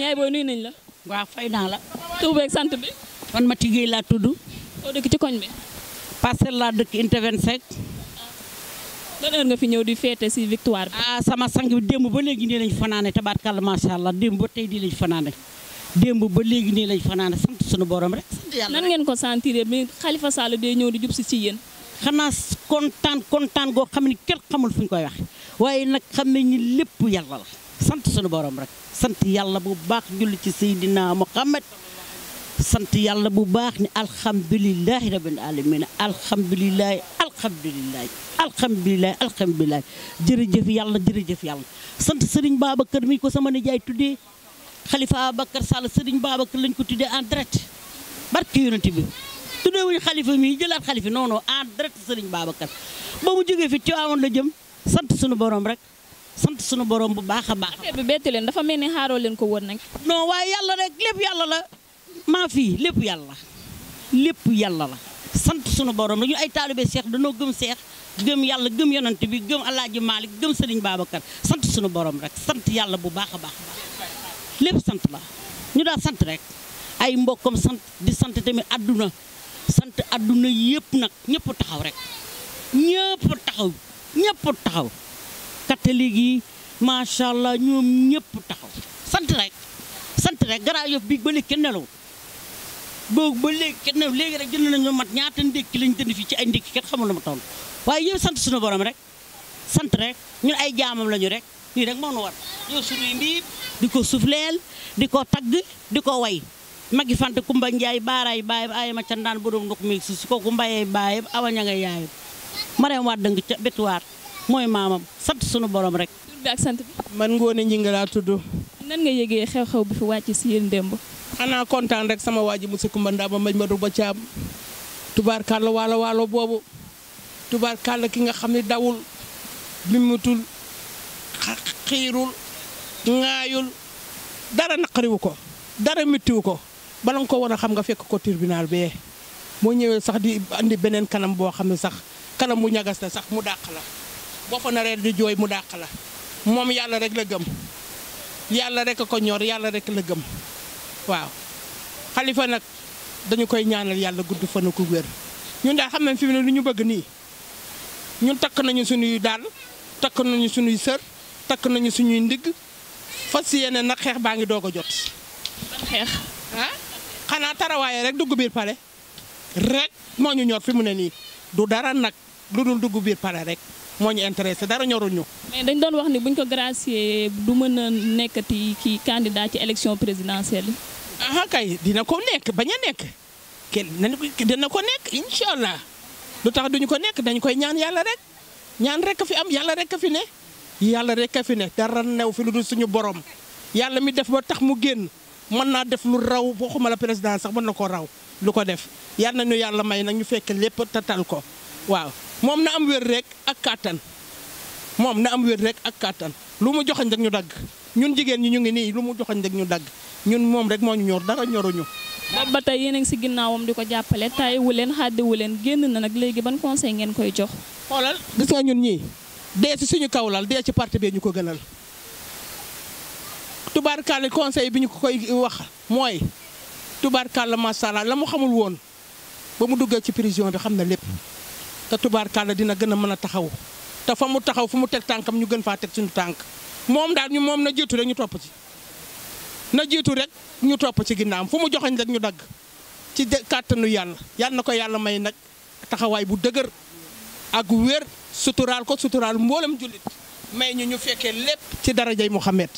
yaay booy nuyu nañ la. waaw fay la. sant bi. man Mati Gueye laa tudd. soo dëkk ci koñ bi. parcelle laa dëkk unité 25. ban nga fi ñëw di féete si victoire bi. ah sama sang bi démb ba léegi nii lañ fanaane tabaarkàlla macha allah démb ba tey di lañ fanaane. démb ba léegi nii lañ fanaane sant sunu borom rek. sant nan ngeen ko sentir bi Khalifa Sall dee ñëw di jub si ci yéen. xanaa kontaan kontaan goo xam ne kenn xamul fu ñu koy wax waaye nag xam nañ ni lépp yàlla la. sant sunu borom rek sant yàlla bu baax julli ci Seydina Muhammad sant yàlla bu baax ni alhamdulilahi rabbil alamin alhamdulilahi alhamdulilahi alhamdulilahi alhamdulilahi jërëjëf yàlla jërëjëf yàlla sant sëriñ Babacar mi ko sama nijaay tuddee xalifa Abacar Sall sëriñ Babacar lañ ko tuddee en direct barke yonent bi tuddee wuñ xalifa mi jëlaat xalifa non non en direct sëriñ Babacar ba mu jógee fi Tiwaawoon la jëm sant sunu borom rek sant suñu borom bu baax a baax. affaire bi bett leen dafa mel ni xaaroo leen ko woon nag. non waaye yàlla rek lépp yàlla la maa fii lépp yàlla lépp yàlla la. sant sunu borom dañu ay taalibe seex dañoo gëm seex gëm yàlla gëm yonant bi gëm alaaji Maalik gëm sëriñ Babacar sant sunu borom rek sant yàlla bu baax a baax lépp sant la ñu daal sant rek ay mbokkam sant di sant tamit àdduna sant àdduna yëpp nag ñëpp taxaw rek ñëpp taxaw ñëpp taxaw. catholique yi macha allah ñoom ñëpp taxaw sant rek sant rek Grand Yoff bi ba léegi kenn nelawul boobu ba léegi kenn nelawul léegi rek jënd nañu mat ñaata ndékki lañ jënd fii ci ay ndékki kenn xamul na ma toll waaye yow sant suñu borom rek sant rek ñu ay jaamam lañu rek nii rek moo nu war yow suñuy mbiib di ko sufleel di ko tagg di ko way magi fant Kumba Njaay baaraay baayam ayama ca ndaan borom ndox mi si su kooku mbayee baayam awaña nga yaayam Mariam Wade nga mooy maamam sant sunu boroom rek. tur bi ak sant man Ngoone Ngingue laa tudd. nan nga yége xew-xew bi fi wàcc si yéen démb. xanaa kontaan rek sama waa ji monsieur Koumba Ndamba mañ ma du ba caam tubaarkàlla waalo waalo boobu tubaarkàlla ki nga xam ne dawul mimutul xiirul ŋaayul dara naqariwu ko dara mittiwu ko bala nga ko war xam nga fekk ko tribunal bee moo ñëwee sax di indi beneen kanam boo xam ne sax kanam bu ñagas la sax mu dàq la boo ko naree di jooy mu dàq la moom yàlla rek la gëm yàlla rek a ko ñor yàlla rekk la gëm waaw xalifa nag dañu koy ñaanal yàlla gudd fan ko wér ñun daal xam nañ fi mu ne lu ñu bëgg nii ñun takk nañu suñuy dàll takk nañu suñuy sër takk nañu suñuy ndigg fas yéene nag xeex baa ngi doo ko jot xeex ah xanaa tarawaaye rek dugg biir pale rek moo ñu ñor fi mu ne nii du dara nag lu dul dugg biir pale rek moo ñu intéressé dara ñoruñu. mais dañ doon wax ni buñ ko gracier du mën a nekkati kii candidat ci élection présidentielle. ah kay dina ko nekk bañ a nekk kenn dina ko nekk incha allah lu tax duñu ko nekk dañu koy ñaan yàlla rek ñaan rek fi am yàlla rek fi ne yàlla rek fi ne dara new fi lu dul suñu borom yàlla mi def ba tax mu génn mën naa def lu raw waxuma la président sax mën na ko raw lu ko def yàlla nañu yàlla may nag ñu fekk lépp tatal ko moom na am wér rek ak kàttan moom na am wér rek ak kàttan lu mu joxañ rek ñu dagg ñun jigéen ñi ñu ngi nii lu mu joxañ rek ñu dagg ñun moom rek moo ñu ñor dara ñoruñu. ba tey yéen a si ginnaawam di ko jàppale tàyyiwu leen xàddiwu leen génn na nag léegi ban conseil ngeen koy jox. xoolal gis nga ñun ñii dee si suñu laal dee ci parti bee ñu ko gënal tubaarkàlla conseil bi ñu ko koy wax mooy tubaarkàlla macha allah la mu xamul woon ba mu duggee ci prison bi xam na lépp. te tubaarkàlla dina gën a mën a taxaw te fa mu taxaw fu mu teg tànkam ñu gën faa teg suñu tànk moom daal ñu moom na jiitu rek ñu topp ci na jiitu rek ñu topp ci am fu mu joxañ rek ñu dagg ci kàttanu yàlla yàlla na ko yàlla may nag taxawaay bu dëgër ak wér suturaal ko suturaal mboolem jullit may ñi ñu fekkee lépp ci darajay Muhammad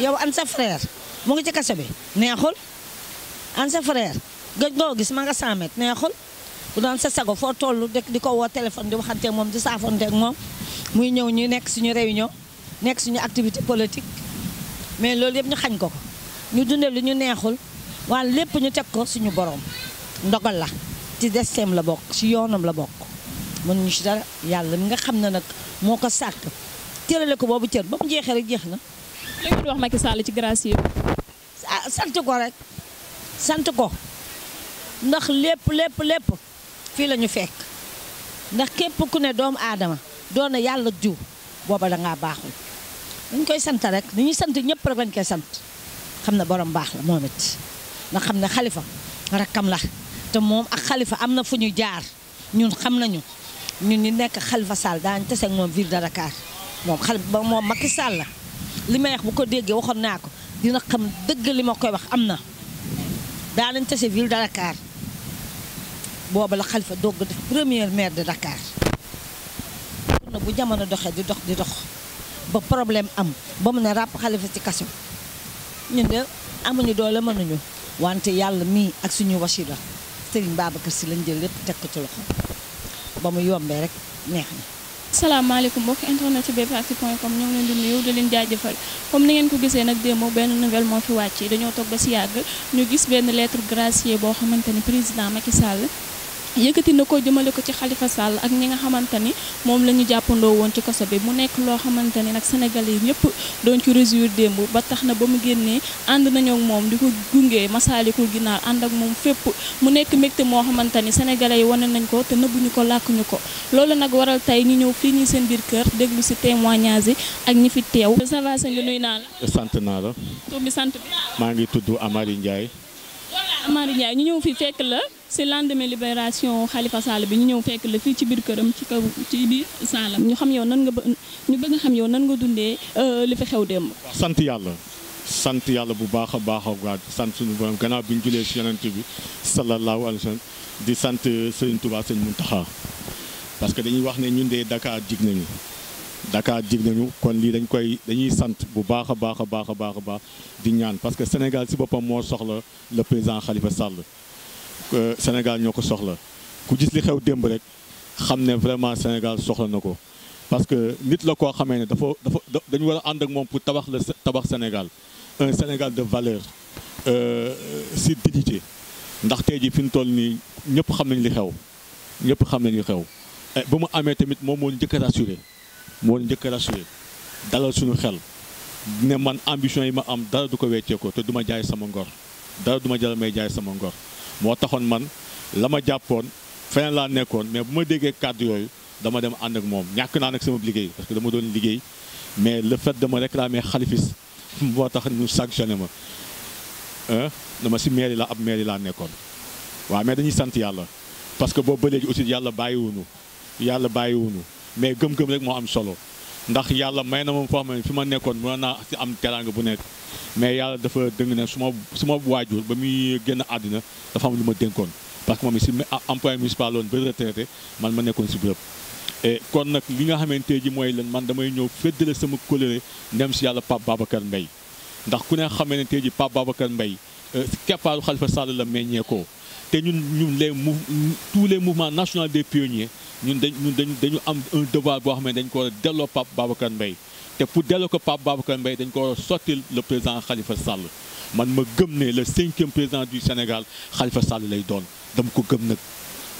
yow an sa frère mu ngi ci kaso bi neexul an sa frère gëj goo gis ma nga 100 neexul bu doon sa sago foo tollu toll di ko woo téléphone di waxante moom di saafonte ak moom muy ñëw ñu nekk suñu réunion nekk suñu activité politique mais loolu yëpp ñu xañ ko ko ñu dundee li ñu neexul waaye lépp ñu teg ko suñu borom ndogal la ci destem la bokk ci yoonam la bokk mën ñu ci dara yàlla mi nga xam ne nag moo ko sàkk tërale ko boobu cër ba mu jeexee jeex na. li ngeen wax Macky Sall ci gracier ah, sant ko rek sant ko ndax lépp lépp lépp. fii la ñu fekk ndax képp ku ne doomu aadama doon na yàlla jiw booba da ngaa baaxul dañ koy sant rek ni ñuy sant ñëpp rek dañ koy sant xam na borom baax la moom it ndax xam ne xalifa rakkam la te moom ak xalifa am na fu ñu jaar ñun xam nañu ñun ñu nekk xalifa Sall daañu tase ak moom ville de Dakar moom xalifa ba moom Macky Sall la li may wax bu ko déggee waxoon naa ko dina xam dëgg li ma koy wax am na daanañ tase ville de Dakar. booba la xalifa Dogg def premier maire de Dakar pour na bu jamono doxee di dox di dox ba problème am ba mu ne ràpp Khalifa ci kaso ñun de amuñu doole mënuñu wante yàlla mii ak suñu wasila Serigne Babacar Sy lañ jël lépp teg ko ci loxo ba mu yombee rek neex na. salaamaaleykum mbokki internet ci bpactu point com ñoo ngi leen di nuyu comme ni ko gisee nag démb benn nouvelle moo fi wàcc dañoo toog ba si yàgg ñu gis benn lettre gracier boo xamante ni président Macky Sall yëkkati na ko jëmale ko ci Khalifa Sall ak ñi nga xamante ni moom la ñu jàppandoo woon ci kaso bi mu nekk loo xamante ni nag sénégalais yi ñëpp doon ci résoudre démb ba tax na ba mu génnee ànd nañoo ak moom di ko gungee masaalikul ginaar ànd ak moom fépp mu nekk mbégte moo xamante ni sénégalais yi wane nañ ko te nëbbuñu ko làkkuñu ko loolu nag waral tey ñu ñëw fii ñu seen biir kër déglu si témoignage yi ak ñi fi teew ça sa sëñ bi nuyu naa la sant naa sant maa ngi tudd Amary Ndiaye si lendemain libération Khalifa Sall bi ñu ñëw fekk la fii ci biir këram ci kaw ci biir Saalam ñu xam yow nan nga ñu bëgg xam yow nan nga dundee euh, li fi xew dem sant yàlla sant yàlla bu baax a baax a sant suñu borom gannaaw bi ñu julee si yonent bi sallallahu alayhi wa sallam di sant Serigne Touba Serigne Mountakha parce que dañuy wax ne ñun de Dakar jig nañu dakaar jig nañu kon lii dañ koy dañuy sant bu baax a baax a baax a baax di ñaan parce que Sénégal si boppam moo soxla le président Khalifa Sall. Sénégal ñoo ko soxla ku gis li xew démb rek xam ne vraiment Sénégal soxla na ko parce que nit la koo xamee ne dafa dafa dañu war a ànd ak moom pour tabax la tabax Sénégal un Sénégal de valeur euh, si dignité ndax tey ji fi mu toll nii ñëpp xam nañ li xew ñëpp xam nañ li xew eh, ba mu amee tamit moom moo njëkk a rassuré moo njëkk a rassuré dalal suñu xel ne man ambition yi ma am dara du ko weccee ko te duma jaay sama ngor dara duma ma jaral may jaay sama ngor moo taxoon man la ma jàppoon feneen laa nekkoon mais bu ma déggee kàdd yooyu dama dem ànd ak moom ñàkk naa nag sama liggéey parce que dama doon liggéey mais le fait dama ma réclamer xalifis moo tax ñu sanctionné ma dama si mairie la ab mairie laa nekkoon waa mais dañuy sant yàlla parce que boobu ba léegi aussi yàlla bàyyiwuñu yàlla bàyyiwuñu mais gëm-gëm rek moo am solo ndax yàlla may na moom foo xam ne fi ma nekkoon mënoon naa si am teraanga bu nekk mais yàlla dafa dëng ne su ma waajur ba muy génn àddina dafa am lu ma dénkoon parce que moom si ah, employé municipal loon ba retraité man ma nekkoon si bërëb kon nag li nga xamante ji mooy lan man damay ñëw féddale sama colère ndem si yàlla Pape Babacar Mbaye ndax ku ne xamee xamante ji Pape Babacar Mbaye euh, keppaaru Khalifa Sall la meññeekoo te ñun ñun les mou tous les mouvements nationaux des pionniers ñun dañ ñun dañu dañu am un devoir boo xam ne dañ ko war a delloo Pape Babacar Mbaye te pour delloo ko Pape Babacar Mbaye dañ ko war a sotti le président Khalifa Sall man ma gëm ne le cinquième président du Sénégal Khalifa Sall lay doon dama ko gëm nag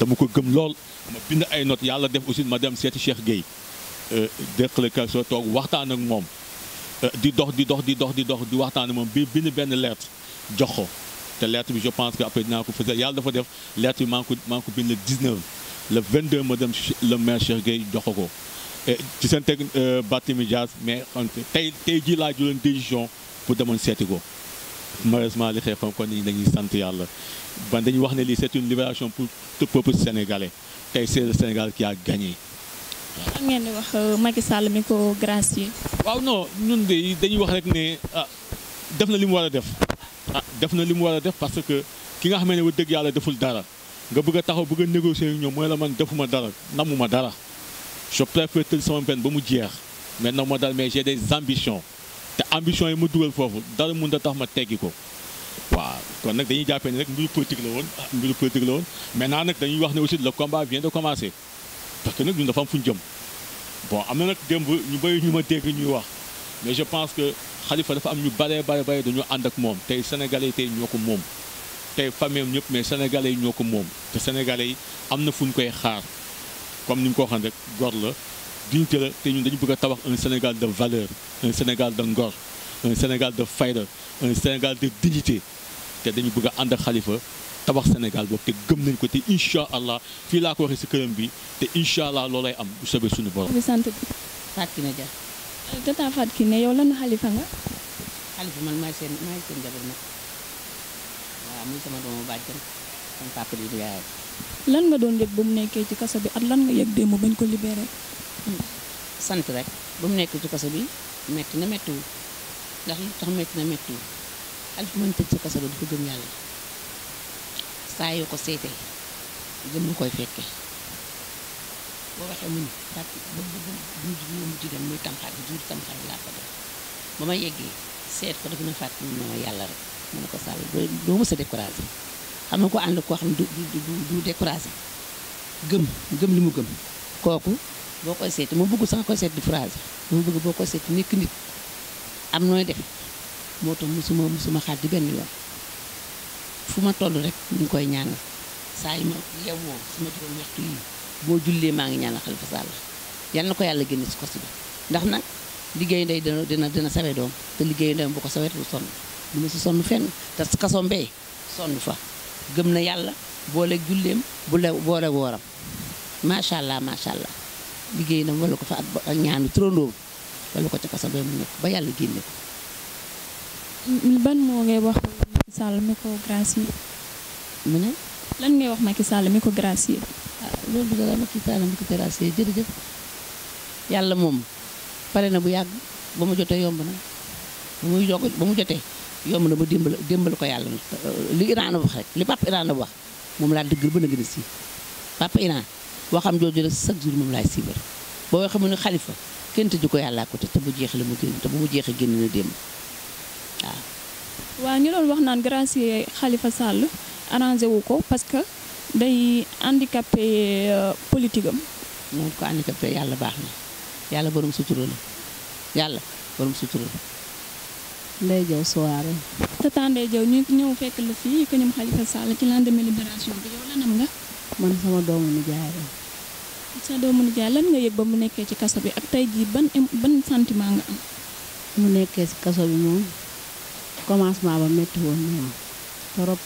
dama ko gëm lool ma bind ay not yàlla def aussi ma dem seeti Cheikh Gueye déqale kal so waxtaan ak moom euh, di dox di dox di dox di dox di waxtaan ak moom bi bind benn lettre jox ko te lettre bi je pense que après dinaa ko faisal yàlla dafa def lettre bi maa ngi ko maa bind le 19 le 22 dem le maire Cheikh Gueye jox ko ci seen teg euh, Barthélémy Dias mais xam tey tey jii laa jëloon décision pour demoon seeti ko malheureusement li xew xam kon ni dañuy sant yàlla ban dañuy wax ne lii c'est une libération pour tout peuple sénégalais tey c'est Sénégal ki a gagné. waaw ngeen di wax euh, Macky Sall mi ko gracier. waaw non ñun de dañuy wax rek ne ah def na li mu war a def. ah def na li mu war a def parce que ki nga xamee ne ba dëgg yàlla deful dara nga bëgg a taxaw bëgg a négocier ñoom mooy la man defuma dara namuma dara je préfère tëj sama peine ba mu jeex maintenant moo daal mais j'ai des ambitions te ambitions yi ma dugal foofu dara mun da tax ma teggi ko waaw kon nag dañuy jàppee ni rek mbiru politique la woon ah, mbiru politique la woon maintenant nag dañuy wax ne aussi le combat vient de commencer parce que nag ñun dafa am fu ñu jëm bon am na nag démb ñu wax xalifa dafa am ñu bare bare bare dañoo ànd ak moom tey sénégalais tey ñoo ko moom tey famille am ñëpp mais sénégalais yi ñoo ko moom te sénégalais yi am na fu ñu koy xaar comme ni mu ko waxee rek gor la dignité la te dañu bëgg tabax un Sénégal de valeur Sénégal de ngor Sénégal de fayda un Sénégal de dignité te dañu bëgg ànd ak Khalifa tabax Sénégal boobu te gëm nañ ko te incha allah fii laa ko waxee si këram bi te incha allah loolay am bu soobee suñu borom. Fatou Kiné tata Fatou ne yow lan xalifa nga. xalifa man maay seen maay seen jabar nag waaw muy sama doomu bàjjan sama papa di yaayam. lan nga doon yëg ba mu nekkee ci kaso bi at lan nga yëg démb bañ ko libéré. Hmm, sant rek bu mu nekk ci kaso bi metti na mettiwul ndax li tax metti na mettiwul xalifa man tëj ci kaso bi dafa gëm yàlla saa yoo ko seetee gëm lu koy fekkee. boo waxee mun ba bu mu mu jigéen muy tamxaar bi jur tamxaar bi laa ko def ba ma yeggee seet ko dafa na fàttali ñu ne yàlla rek mun ko sàll doo mës a découragé ko ànd koo xam du du gëm gëm li mu gëm kooku boo koy seeti moo bëgg sax koy seet di phrase moo bëgg boo koy seeti nekk nit am nooy def moo tax musuma musuma xaat di benn yoon fu ma toll rek mu ngi koy ñaanal saa yi ma yewwoo suma juróom waxtu yi boo jullee maa ngi ñaanal Xalifa Sall yal na ko yàlla génne ci kos ndax na liggéey ndey dina dina dina sawe doom te liggéey ndeyam bu ko sawee du sonn du ma si sonn fenn te kaso sonn fa gëm na yàlla boole julleem bu le boole wooram macha allah macha allah liggéey na wala ko fa ak ñaanu turandoom wala ko ca kaso mu nekk ba yàlla génne ko. ban moo ngay wax ma Sall mi mi ko gracier. loolu bëgg a nag ci taalam ko terrassé jërëjëf yàlla moom pare na bu yàgg ba mu jotee yomb na ba muy yokk ba mu jotee yomb na ba dimbal dimbal ko yàlla euh, li Iran wax rek li papa Iran wax moom laa dëggal ba na gën a sii papa Iran waxam jooju rek chaque jour moom laay siibar boo mu ne xalifa kenn tëju ko yàllaa ko te bu jeexee la mu génn te bu mu jeexee génn na démb waaw. ñu doon wax naan gracier Khalifa Sall arrangé ko day handicapé euh, politique am. moom ko handicapé yàlla baax na yàlla borom sutura la yàlla borom sutura la. Ndeye Diaw soirée. tata Ndeye Diaw ñu ñëw fekk la fii que ñoom Khalifa Sall ci lendemain libération bi yow lanam nga. man sama doomu nijaay la. sa doomu nijaay lan nga yëg ba mu nekkee ci kaso bi ak tey jii ban ban sentiment nga am. mu nekkee ci kaso bi moom commencement ba métti woon na trop.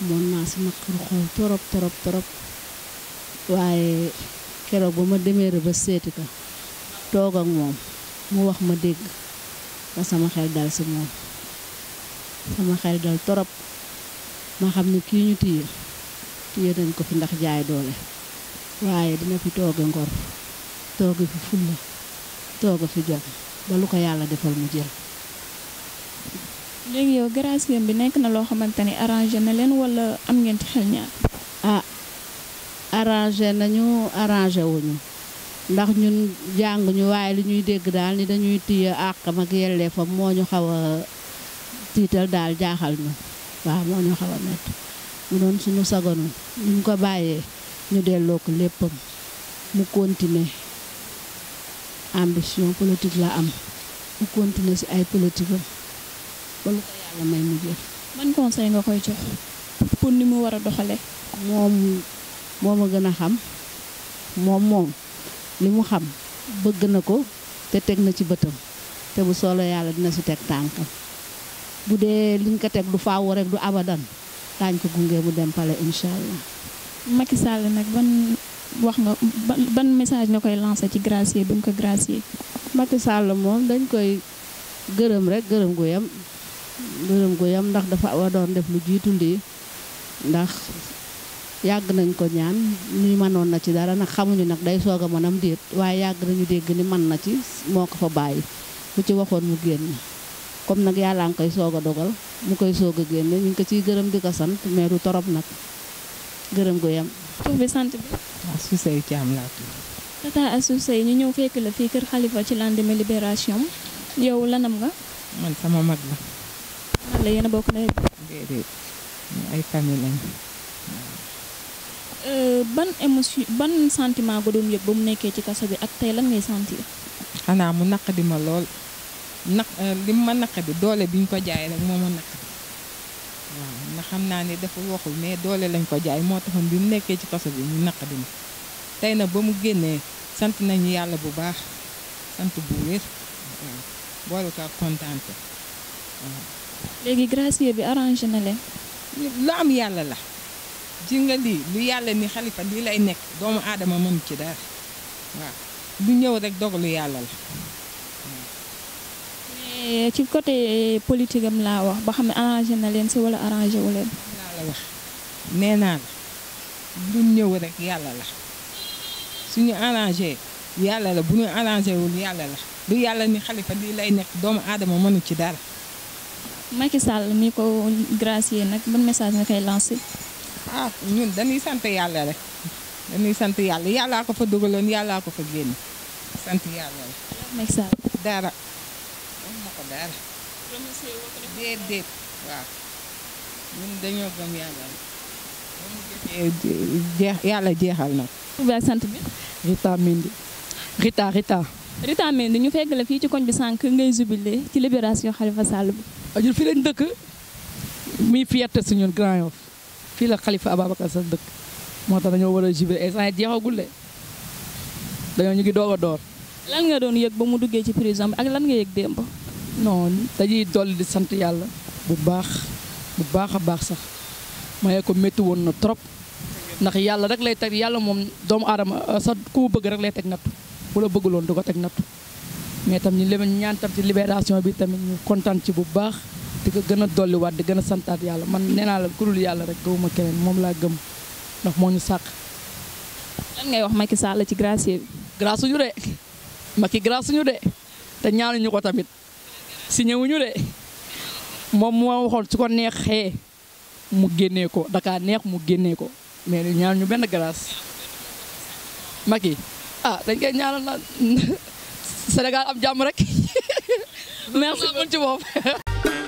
amoon naa si naqar xol torop torop torop waaye keroog ba ma demee rek ba seeti ka toog ak moom mu wax ma dégg ba sama xel dal si moom sama xel dal torop ma xam ne kii ñu téye téye nañ ko fi ndax jaay doole waaye dina fi tooge ngor tooge fi fulla tooge fi jom ba lu ko yàlla defal mu jël léegi yow gracieux bi nekk na loo xamante ni arrangé na leen wala am ngeen ci xel ñaar. ah arrangé nañu arrangé wuñu ndax ñun jànguñu waaye li ñuy dégg daal ni dañuy téye àqam ak yelleefam moo ñu xaw a tiital daal jaaxal ñu waaw moo ñu xaw a métti mu doon suñu sagonoon ñu ko bàyyee ñu delloo ko léppam mu continuer ambition politique la am mu continuer ci ay politique ba lu ko yàlla may mu ban conseil nga koy jox pour ni mu war a doxalee. moom moo ma gën a xam moom moom li mu xam bëgg na ko te teg na ci bëtam te bu solo yàlla dina si teg tànkam bu dee liñ ko teg du faaw rek du abadan daañ ko gunge mu dem pale incha allah. nag ban wax nga ban message nga koy lancé ci gracier bi nga ko gracier. Macky Sall moom dañ koy gërëm rek gërëm gu yem. ngërëm gu yam ndax dafa waroon def lu jiitu lii ndax yàgg nañ ko ñaan ñuy manoon na ci dara nag xamuñu nag day soog a mënam déet waaye yàgg nañu dégg ni man na ci moo ko fa bàyyi ku ci waxoon mu génn comme nag yàllaa ngi koy soog a dogal mu koy soog a génne ñu ngi ko ciy gërëm di ko sant mais du torop nag gërëm gu yam. tur bi sant bi. Astou Seye Thiam ñu ñëw fekk la fii kër Khalifa ci lendemain libération yow lanam nga. man sama mag la. nan la yéen a bokk nawet bi. ay famille lañ. Euh, ban émotion ban sentiment nga doon yëg ba mu nekkee ci kaso bi ak tey lan ngay sentir. xanaa mu naqadi ma lool naq euh, li ma naqadi doole bi ñu ko jaay rek moo ma naqadi waaw nga xam naa ni dafa waxul mais doole lañ ko jaay moo taxoon bi mu nekkee ci kaso bi mu naqadi ma tey nag ba mu génnee sant nañu yàlla bu baax sant bu wér waaw boole ko ak kontaan léegi gracier bi arrangé na leen. lu am yàlla la. ji nga lii lu yàlla ni xalifa lii lay nekk doomu aadama mën ci dara waaw ñëw rek dogalu yàlla la. ci côté politique am laa wax ba xam ne arrangé na leen si wala arrangé wu leen. laa la wax nee rek yàlla la suñu arrangé yàlla la bu ñu arrangé wul yàlla la lu yàlla ni xalifa lii lay nekk doomu aadama mënu ci daal Macky Sall mi ko gracier nag ban message nga koy lancé. ah ñun dañuy sant yàlla rek dañuy sant yàlla yàlla ko fa dugaloon yàllaa ko fa génn sant yàlla rek. Macky Sall. dara wax ma ko dara. déedéet waaw ñun dañoo gëm Rita Rita Rita. ñu fekk la fii ci koñ bi sànq ngay jubilé ci liberation Khalifa Sall bi. Ah, ñun fii lañ dëkk muy fierté si Grand Yoff fii la xalifa Ababacar Sall dëkk moo tax dañoo war a jubé instant jeexagul de dañoo ñu ngi doog a door. lan nga doon yég ba mu duggee ci prison bi ak lan nga yëg démb. non dañuy dolli di sant yàlla bu baax bu baax a baax sax mayee ko métti woon na trop ndax yàlla rek lay teg yàlla moom doomu aadama sa ku bëgg rek lay teg nattu bu la bëgguloon du teg nattu. mais tam ñu leen ñaan tam ci libération bi tamit ñu kontaan ci bu baax di ko gën a dolliwaat di gën a santaat yàlla man nee la ku dul yàlla rek gëwuma keneen moom laa gëm ndax moo ñu sàq. lan ngay wax Macky Sall ci gracier bi. grâce ñu de Macky grâce ñu de te ñaanuñu ko tamit si ñëwuñu de moom moo waxoon su ko neexee mu génnee ko daka neex mu génnee ko mais ñu benn grâce Macky ah dañ koy ñaanal na Sénégal am jàmm rek merci beaucoup ci boobu.